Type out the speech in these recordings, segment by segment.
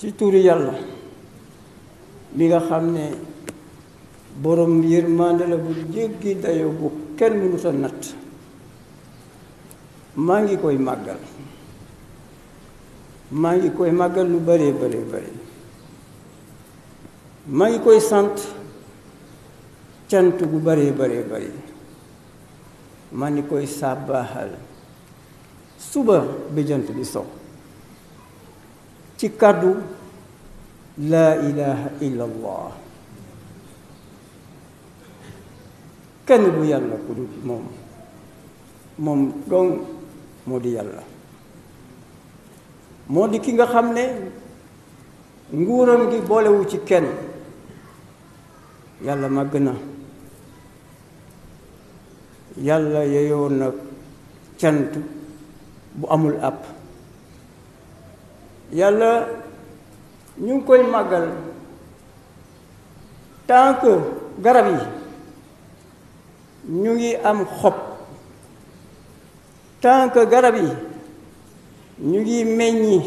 ci turi yàlla bi nga xam ne borom yërmande la bu jéggi dayo bu kenn mënut a natt maa ngi koy màggal maa ngi koy màggal lu bare bare bare maa ngi koy sant cant gu bare bare bare maa ngi koy sàbbaaxal suba bi jant bi sow ci kàddu laa ilaha illa kenn bu yàlla ku moom moom dong moo di yàlla moo di ki nga xam ne nguuram gi boolewu ci kenn yàlla màgg na yàlla yeyoo na cant bu amul àpp yàlla ñu ngi koy màggal tànk garab yi ñu ngi am xob tànk garab yi ñu ngi meññi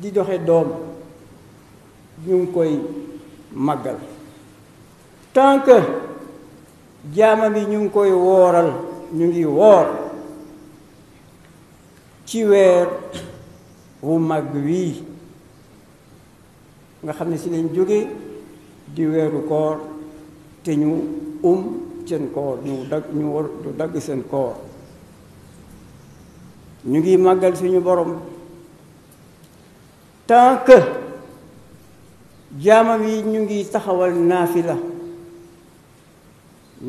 di doxe doom ñu ngi koy màggal tànk que yi ñu ngi koy wooral ñu ngi woor ci weer wu màgg wii nga xam ne si lañ jóge di weeru koor te ñu um seen koor ñu dagg ñu dagg seen koor ñu ngi màggal suñu borom tant jaamam yi ñu ngi taxawal naafila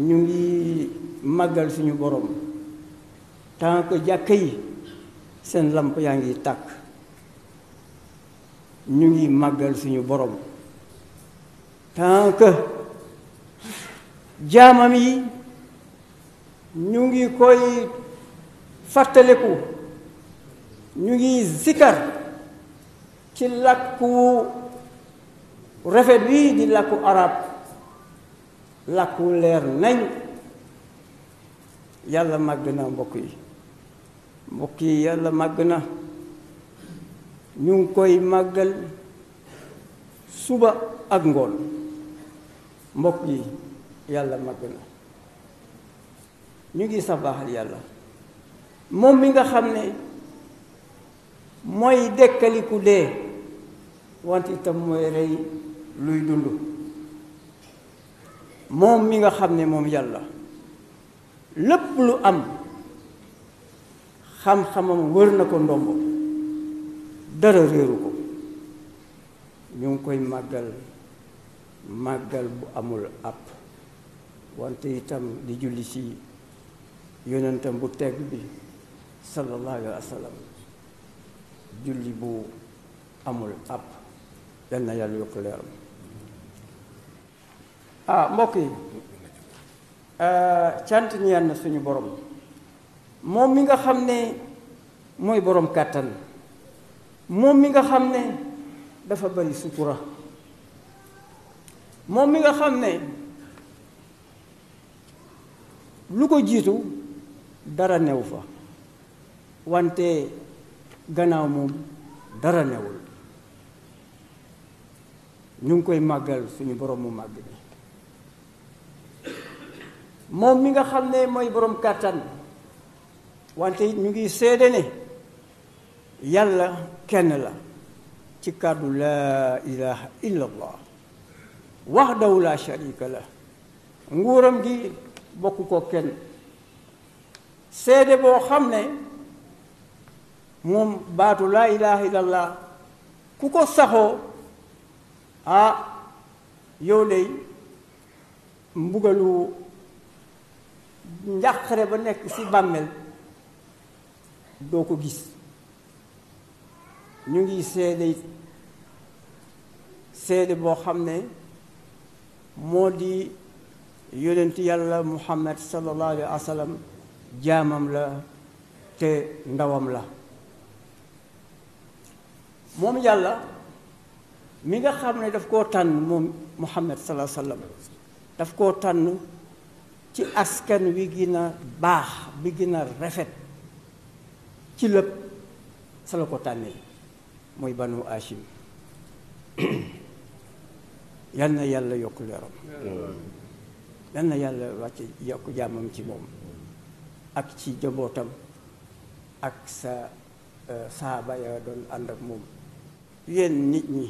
ñu ngi màggal suñu borom tant que jàkka yi seen làmp yaa ngi tàkk ñu ngi màggal suñu borom tant que jaamam yi ñu ngi koy fàttaliku ñu ngi zikar ci làkku rafet bii di làkku arab làkku leer nañ yàlla màgg na mbokk yi mbokk yi yàlla màgg na ñu koy màggal suba ak ngoon mbokk yi yàlla màgg na ñu ngi sax baaxal yàlla moom mi nga xam ne mooy dekkaliku de wante itam mooy rey luy dund moom mi nga xam ne moom yàlla lépp lu am xam-xamam wër na ko ndomb dara réeru ko ñu ngi koy màggal màggal bu amul àpp wante itam di julli ci yonentam bu teg bi sallallahu alayhi wa julli bu amul àpp yal na yàlla yokk leeram ah mbokk yi ah, cant ñeen na suñu borom moom mi nga xam ne mooy borom kàttan moom mi nga xam ne dafa bari sutura moom mi nga xam ne lu ko jiitu dara new fa wante gannaaw moom dara newul ñu ngi koy màggal suñu borom mu màgg bi moom mi nga xam ne mooy borom kàttan wante ñu ngi seede ne yàlla kenn la ci kàddu laa ilaha illa allah wahdahu la sharika la nguuram gi bokk ko kenn seede boo xam ne moom baatu laa ilaha illa ku ko saxoo ah yow dey mbugalu njàqare ba nekk ci bàmmeel doo ko gis ñu ngi seede seede boo xam ne moo di yonent yàlla muhammad sallallahu alayhi jaamam la te ndawam la moom yàlla mi nga xam ne daf koo tànn moom muhammad sallallahu alayhi daf koo tànn ci askan wi gën a baax bi gën a rafet ci lëpp sa la ko tànnee mooy banu Hachim yal na yàlla yokk leeram yal na yàlla wàcce yokk jàmmam ci moom ak ci jabootam ak sa euh, saaba ya doon ànd ak moom yéen nit ñi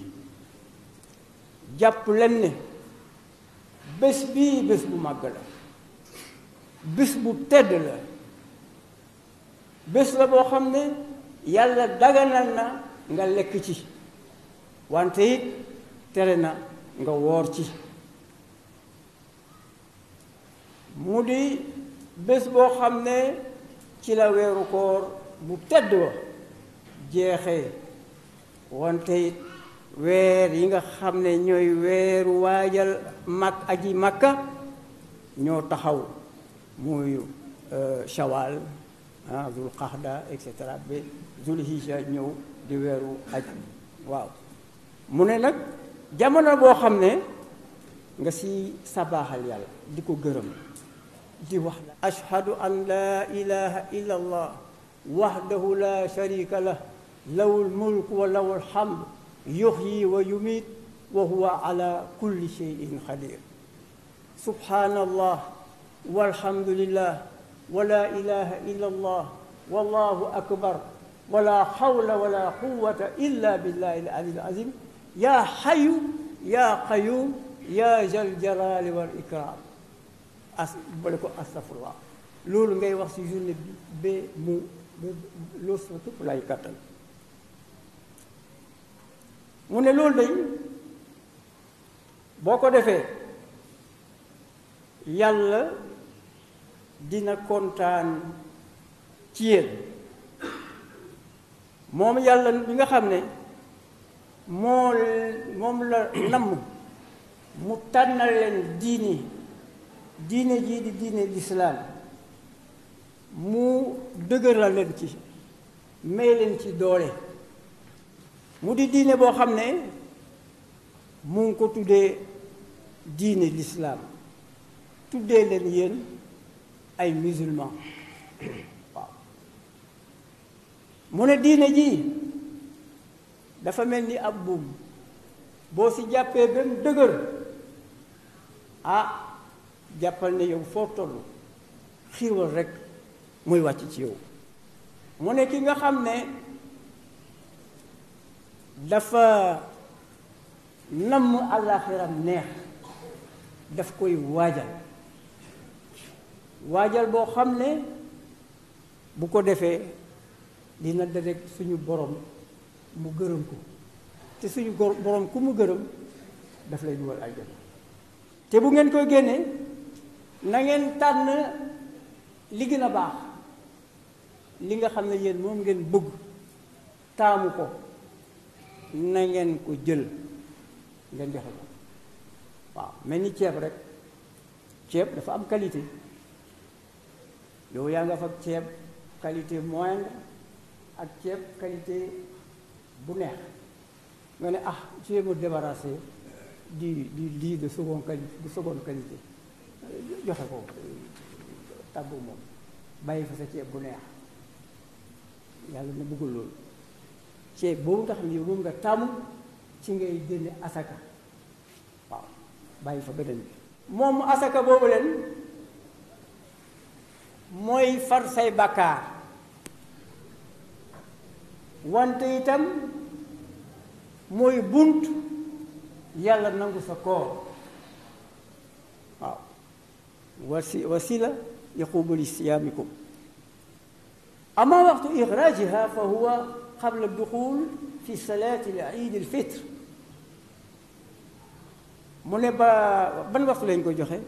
jàpp leen ne bés bii bés bu màgg la bés bu tedd la bés la boo xam ne yàlla daganal na nga lekk ci wante it tere na nga woor ci mu di bés boo xam ne ci la weeru koor bu tedd wa jeexee wante it weer yi nga xam ne ñooy weeru waajal mag aji makka ñoo taxaw muy euh, shawal ah zul qaxda et cetera zul hijja ñëw di weeru aj waaw mu ne nag jamono boo xam ne nga si sabaaxal yàlla di ko gërëm di wax la ashhadu an laa ilaha illa allah wahdahu la sharika lah lahu lmulk wa lahu lhamd yuxyi wa yumiit wa huwa ala kulli cheyin qadir subhaanallah walhamdulillah wa la ilaha illa allah wallahu akbar ولا حول ولا قوة إلا بالله العلي العظيم يا حي يا قيوم يا ذا الجلال والإكرام as bale loolu ngay wax ci journée bi ba mu loolu sama tupp lay kàttan mu ne loolu day boo ko defee yàlla dina kontaan ci moom yàlla bi nga xam ne moo moom la namm mu tànnal leen diini diine jii di diine lislaam mu dëgëral leen ci may leen ci doole mu di diine boo xam ne mu ngi ko tuddee diine lislaam tuddee leen yéen ay musulman mu ne diine ji dafa mel ni ab buum boo ci jàppee ba dëgër ah jàppal na yow foo toll xiiwal rek muy wàcc ci yow mu ne ki nga xam ne dafa namm àllaaxiram neex daf koy waajal waajal boo xam ne bu ko defee dina dajeek suñu borom mu gërëm ko te suñu borom ku mu gërëm daf lay dugal aljana te bu ngeen koy génnee nangeen ngeen tànn li gën a baax li nga xam ne yéen moom ngeen bëgg taamu ko na ngeen ko jël ngeen joxe ko waaw mel ni ceeb rek ceeb dafa am qualité yow yaa nga fa ceeb qualité moyenne ak ceeb qualité bu neex nga ne ah je vais me débarrasser du du lii de seconde qualité de seconde qualité joxe ko tàbbu moom bàyyi fa sa ceeb bu neex yàlla na bëggul loolu ceeb boobu nga xam tàmm ci ngay génne asaka waaw bàyyi fa beneen bi moom asaka boobu leen mooy far say bàkkaar wante itam mooy bunt yàlla nangu sa koor waaw wasi wasila yaqubalu siyaamikum ama waxtu ixraajiha fa huwa qabla duxul fi salaati l iid al fitr mu ne ba ban waxtu lañ ko joxe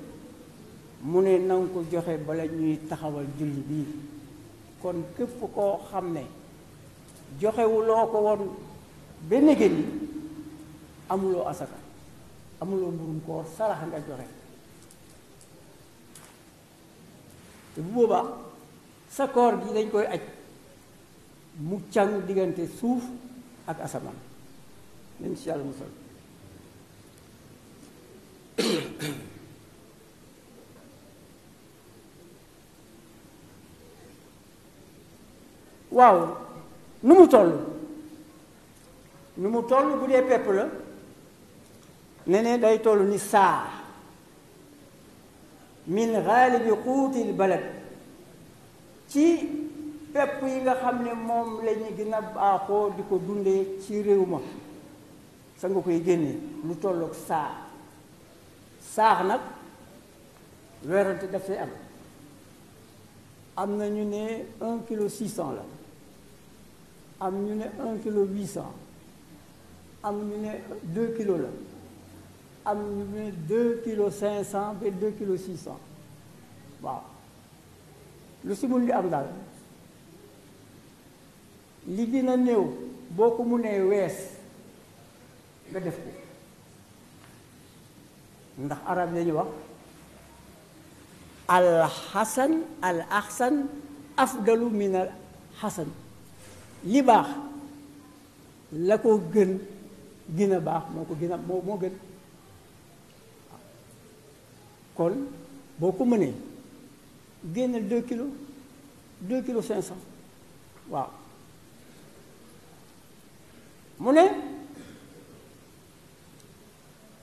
mu ne nanga ko joxe bala ñuy taxawal julli bii kon képp ko xam ne joxewuloo ko woon benn nége ni amuloo asaka amuloo mburum koor saraxa nga joxe te bu boobaa sa koor gi dañ koy aj mu càng diggante suuf ak asamaan nañ ci yàlla musal waaw nu mu toll nu mu toll bu dee pepp la ne day toll ni saa min xaalibi xuutil balad ci pepp yi nga xam ne moom la ñu gën a baaxoo di ko dundee ci réew ma sa nga koy génne lu tollook saa saax nag weerante dafay am am na ñu ne un kilo six cent la am ñu ne un kilo huit cent am ñu ne deux kilos la am ñu ne deux kilo cinq cent ba deux kilo six cent waaw lu si mun di am daal li dina néew boo ko munee wees nga def ko ndax arab yañu wax al xasan al axsan afdalu min al xasan li baax la ko gën gën a baax moo ko gën moo moo gën kon boo ko mënee génnal deux kilos deux waaw mu ne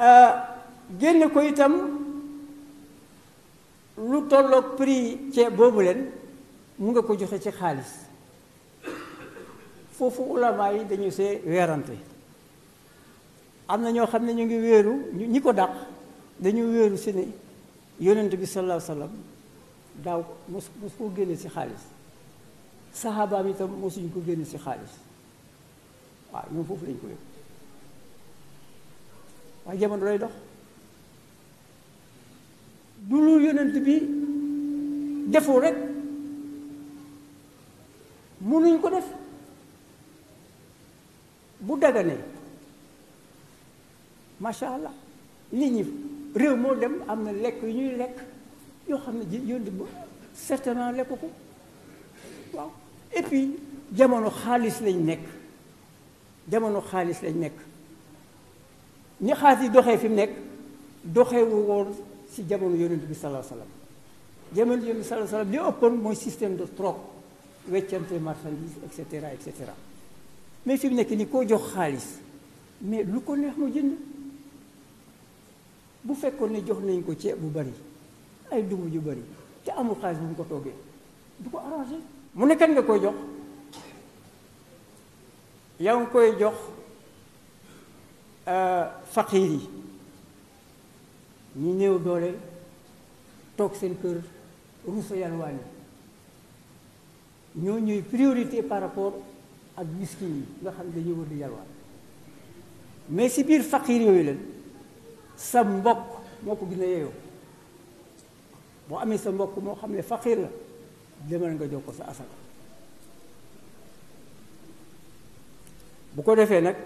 euh, génne ko itam lu tolloog prix ceeb boobu leen mu nga ko joxe ci xaalis foofu ulama yi dañu see weerante am na ñoo xam ne ñu ngi ñu ñi ko dàq dañu wéeru si ne yonent bi sallallahu alayhi daaw mos mos koo génne si xaalis saxaabaam itam mosuñu ko génne si xaalis waaw ñoom foofu lañ ko wér waaye jamono lay dox du lu yonent bi defoo rek mënuñ ko def bu daganee macha allah nit ñi réew moo dem am na lekk yu ñuy lekk yoo xam ne yónni ba certainement lekk ko waaw et puis jamono xaalis lañ nekk jamono xaalis lañ nekk ni xaalis yi doxee fi mu nekk doxewu woon si jamono yonent bi salaa salaam jamono yonent bi salaa salaam li ëppoon mooy système de troc weccante marchandise et cetera cetera mais fi mu nekk nii koo jox xaalis mais lu ko neex mu jënd bu fekkoon ne jox nañ ko ceeb bu bari ay dugub yu bari te amul xaalis bu mu ko toggee du ko arrangé mu ne nga koy jox yaa ngi koy jox euh, faqiir yi ñuy néew dooleel toog seen kër ruusa yalwaani ñoo ñuy priorité par rapport ak miskin yi nga xam ne dañuy wër di yalwaan mais si biir faqiir yooyu leen sa mbokk moo ko gën a yeyoo boo amee sa mbokk moo xam ne faqiir la demal nga jox ko sa asaka bu ko defee nag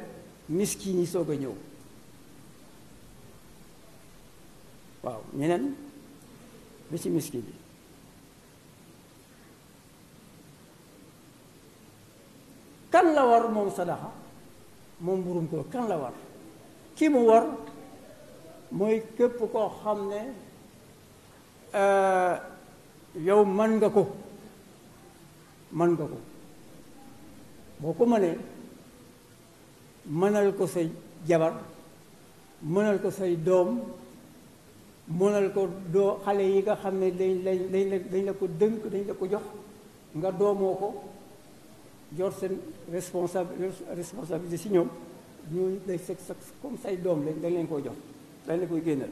miskin yi soog a ñëw waaw ñeneen ba ci miskin yi kan la war moom sadaxa moom mburum ko kan la war ki mu war mooy képp koo xam ne euh, yow man nga ko mën nga ko boo ko mënee mënal ko say jabar mënal ko say doom mënal ko doo xale yi nga xam ne dañ lañ la ko dënk dañ la ko jox nga doomoo ko jor seen responsable si ñoom ñooñu day seg sax comme say doom lañ dañ leen koy jox dañ leen koy génnal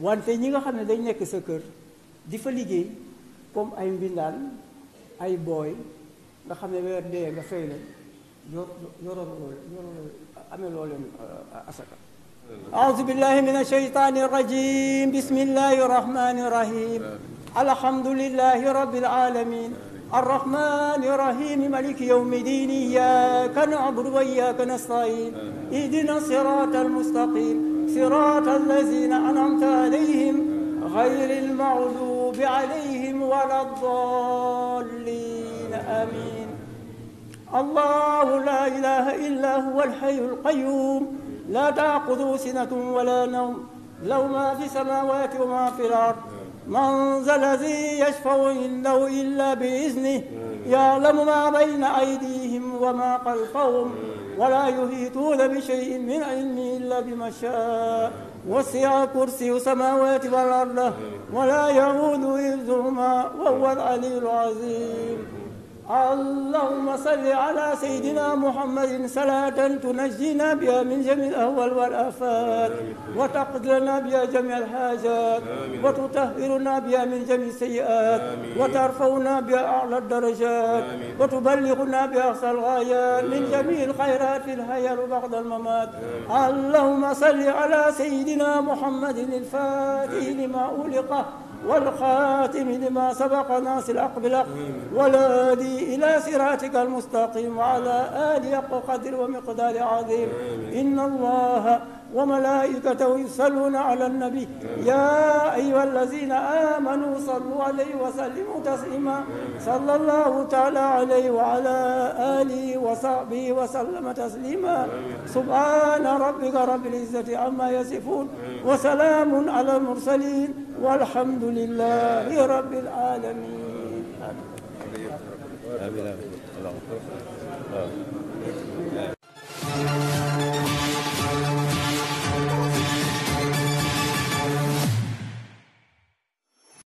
wante ñi nga xam ne dañ nekk sa kër di fa liggéey comme ay mbindaan ay booy nga xam ne weer dee nga fay leen yor yoroo yoroo amee loo euh, asaka أعوذ بالله من الشيطان الرجيم بسم الله الرحمن الرحيم ملك يوم الدين إياك نعبد وإياك نستعين اهدنا الصراط المستقيم صراط الذين أنعمت عليهم غير المغضوب عليهم ولا الضالين آمين الله لا إله إلا هو الحي القيوم لا تأخذه سنة ولا نوم له ما في السماوات وما في الأرض من ذا الذي يشفع عنده إلا بإذنه يعلم ما بين أيديهم وما خلفهم ولا يهيتون بشيء من علمه إلا بما شاء وسع كرسي السماوات والأرض ولا يعود إذهما وهو العلي العظيم اللهم صل على سيدنا محمد صلاة تنجينا بها من جميع الأهوال والآفات وتقض لنا بها جميع الحاجات وتطهرنا بها من جميع السيئات وترفعنا بها أعلى الدرجات وتبلغنا بها أقصى الغايات من جميع الخيرات في الحياة وبعد الممات اللهم صل على سيدنا محمد الفاتح لما أولقه والخاتم لما سبق ناس الأقبلق والهادي إلى صراطك المستقيم وعلى آل قدر ومقدار عظيم إن الله وملائكته يصلون على النبي يا أيها الذين آمنوا صلوا عليه وسلموا تسليما صلى الله تعالى عليه وعلى آله وصحبه وسلم تسليما سبحان ربك رب العزة عما يصفون وسلام على المرسلين walhamdulillahi rabbil alamin amin amin